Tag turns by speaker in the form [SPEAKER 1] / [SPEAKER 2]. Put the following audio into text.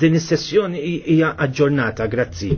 [SPEAKER 1] din is-sessjoni hija aġġornata. Grazzi.